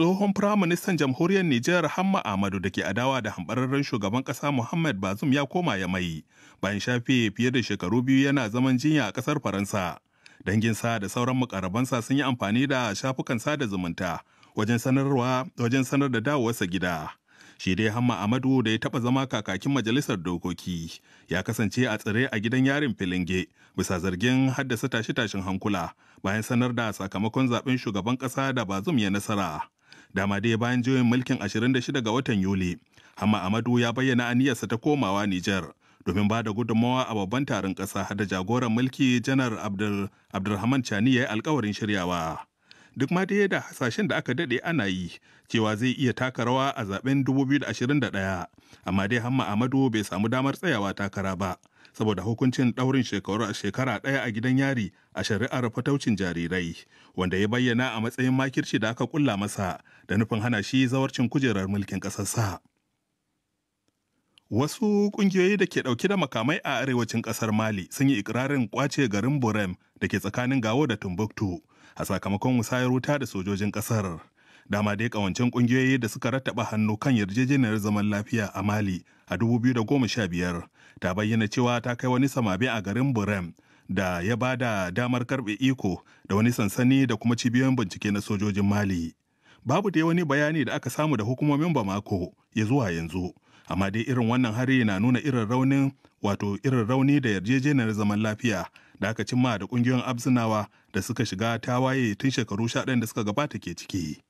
tsohon firaministan jamhuriyar Nijar Hamma Ahmadu da ke adawa da hambararren shugaban ƙasa Muhammad Bazum ya koma ya mai bayan shafe fiye da shekaru biyu yana zaman jinya a ƙasar Faransa. Danginsa da sauran makarabansa sun yi amfani da shafukan sada zumunta wajen sanarwa wajen sanar da dawowarsa gida. Shi dai Hamma Ahmadu da ya taɓa zama kakakin majalisar dokoki ya kasance a tsire a gidan yarin Filinge bisa zargin haddasa tashi-tashin hankula bayan sanar da sakamakon zaben shugaban ƙasa da Bazum ya nasara. dama dai bayan juyin mulkin 26 ga watan yuli hamma amadu ya bayyana aniyarsa ta komawa nijar domin ba da gudummawa a babban taron ƙasa da jagoran mulki janar abdulrahman chani ya yi alkawarin shiryawa duk ma dai da hasashen da aka daɗe ana yi cewa zai iya taka rawa a zaben 2021 amma dai hamma amadu bai samu damar tsayawa takara ba saboda hukuncin ɗaurin shekaru a shekara ɗaya a gidan yari a shari'ar fataucin jarirai wanda ya bayyana a matsayin makirci da aka kulla masa da nufin hana shi zawarcin kujerar mulkin ƙasarsa. Wasu ƙungiyoyi da ke ɗauke da makamai a arewacin ƙasar Mali sun yi ikirarin ƙwace garin Borem da ke tsakanin Gawo da Tumbuktu a sakamakon musayar wuta da sojojin ƙasar. dama dai kawancen kungiyoyi da suka rattaba hannu kan yarjejeniyar zaman lafiya a mali a 2015 ta bayyana cewa ta kai wani samabe a garin burem da ya ba da damar karbe iko da wani sansani da kuma cibiyoyin bincike na sojojin mali babu dai wani bayani da aka samu da hukumomin bamako ya zuwa yanzu amma dai irin wannan hari na nuna irin raunin wato irin rauni da yarjejeniyar zaman lafiya da aka cimma da kungiyoyin absunawa da suka shiga tawaye tun shekaru sha da suka gabata ke ciki.